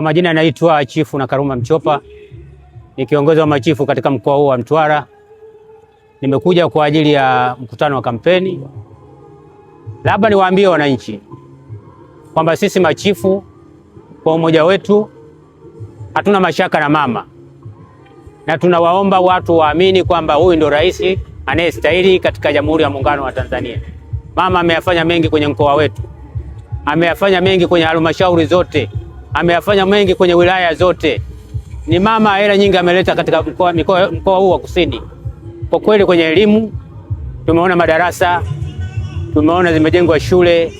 Kwa majina anaitwa Chifu na Karuma Mchopa, ni kiongozi wa machifu katika mkoa huu wa Mtwara. Nimekuja kwa ajili ya mkutano wa kampeni. Labda niwaambie wananchi kwamba sisi machifu kwa umoja wetu hatuna mashaka na mama, na tunawaomba watu waamini kwamba huyu ndio rais anayestahili katika Jamhuri ya Muungano wa Tanzania. Mama ameyafanya mengi kwenye mkoa wetu, ameyafanya mengi kwenye halmashauri zote ameyafanya mengi kwenye wilaya zote. Ni mama hela nyingi ameleta katika mkoa, mkoa, mkoa huu wa Kusini. Kwa kweli kwenye elimu tumeona madarasa, tumeona zimejengwa shule,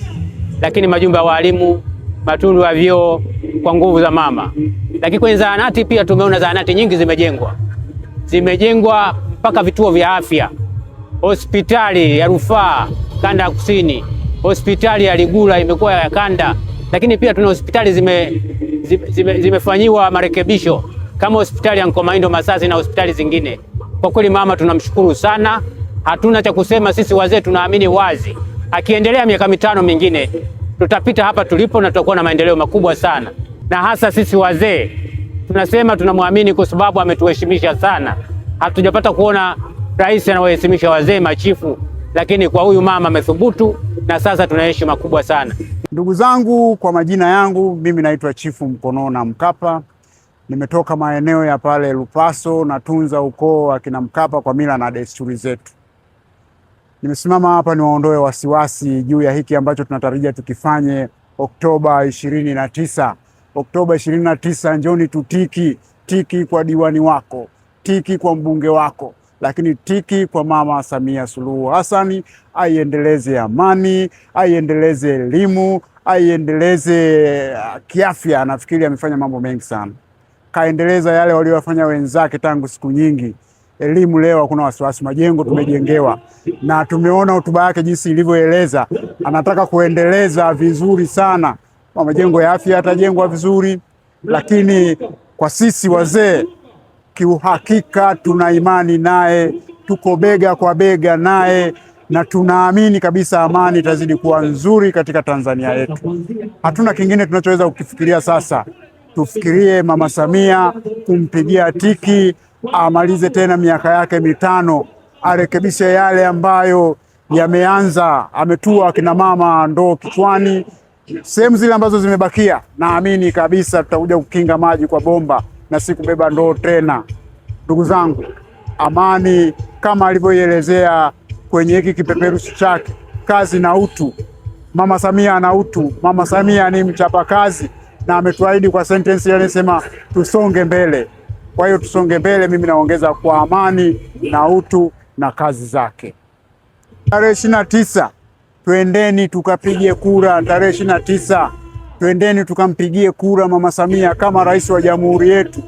lakini majumba ya walimu, matundu ya vyoo kwa nguvu za mama. Lakini kwenye zahanati pia tumeona zahanati nyingi zimejengwa, zimejengwa mpaka vituo vya afya, hospitali ya rufaa kanda ya Kusini, hospitali ya Ligula imekuwa ya kanda lakini pia tuna hospitali zimefanyiwa zime, zime marekebisho kama hospitali ya Nkomaindo Masasi na hospitali zingine. Kwa kweli mama, tunamshukuru sana, hatuna cha kusema sisi wazee. Tunaamini wazi akiendelea miaka mitano mingine tutapita hapa tulipo na tutakuwa na maendeleo makubwa sana, na hasa sisi wazee tunasema tunamwamini kwa sababu ametuheshimisha sana. Hatujapata kuona rais anawaheshimisha wazee machifu, lakini kwa huyu mama amethubutu, na sasa tuna heshima kubwa sana. Ndugu zangu, kwa majina yangu mimi naitwa Chifu Mkonona Mkapa. Nimetoka maeneo ya pale Lupaso, natunza ukoo wa kina Mkapa kwa mila na desturi zetu. Nimesimama hapa niwaondoe wasiwasi juu ya hiki ambacho tunatarajia tukifanye Oktoba ishirini na tisa. Oktoba ishirini na tisa, njoni tutiki tiki kwa diwani wako, tiki kwa mbunge wako, lakini tiki kwa Mama Samia Suluhu Hassani, aiendeleze amani, aiendeleze elimu, aiendeleze uh, kiafya. Nafikiri amefanya mambo mengi sana, kaendeleza yale waliowafanya wenzake tangu siku nyingi. Elimu leo hakuna wasiwasi, majengo tumejengewa, na tumeona hotuba yake jinsi ilivyoeleza, anataka kuendeleza vizuri sana majengo ya afya yatajengwa vizuri, lakini kwa sisi wazee kiuhakika tuna imani naye, tuko bega kwa bega naye na tunaamini kabisa amani itazidi kuwa nzuri katika Tanzania yetu. Hatuna kingine tunachoweza kukifikiria sasa. Tufikirie Mama Samia, kumpigia tiki, amalize tena miaka yake mitano, arekebishe yale ambayo yameanza. Ametua akina mama ndoo kichwani, sehemu zile ambazo zimebakia, naamini kabisa tutakuja kukinga maji kwa bomba na si kubeba ndoo tena. Ndugu zangu, amani kama alivyoielezea kwenye hiki kipeperushi chake, kazi na utu. Mama Samia ana utu. Mama Samia ni mchapakazi na ametuahidi kwa sentensi ile tusonge mbele. Kwa hiyo tusonge mbele, mimi naongeza kwa amani na utu na kazi zake. Tarehe ishirini na tisa twendeni tukapige kura tarehe ishirini na tisa. Twendeni tukampigie kura Mama Samia kama rais wa jamhuri yetu.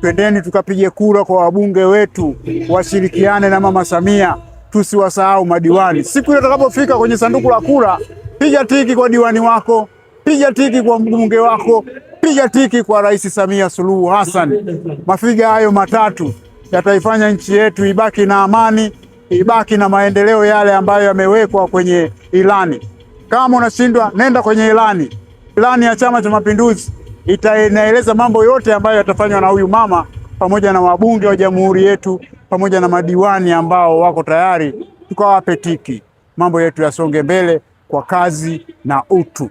Twendeni tukapige kura kwa wabunge wetu, washirikiane na Mama Samia, tusiwasahau madiwani. Siku ile utakapofika kwenye sanduku la kura, piga tiki kwa diwani wako, piga tiki kwa mbunge wako, piga tiki kwa Rais Samia Suluhu Hassan. Mafiga hayo matatu yataifanya nchi yetu ibaki na amani, ibaki na maendeleo yale ambayo yamewekwa kwenye ilani. Kama unashindwa, nenda kwenye ilani. Plani ya Chama cha Mapinduzi itaeleza mambo yote ambayo yatafanywa na huyu mama pamoja na wabunge wa jamhuri yetu pamoja na madiwani ambao wako tayari, tukawape tiki, mambo yetu yasonge mbele kwa kazi na utu.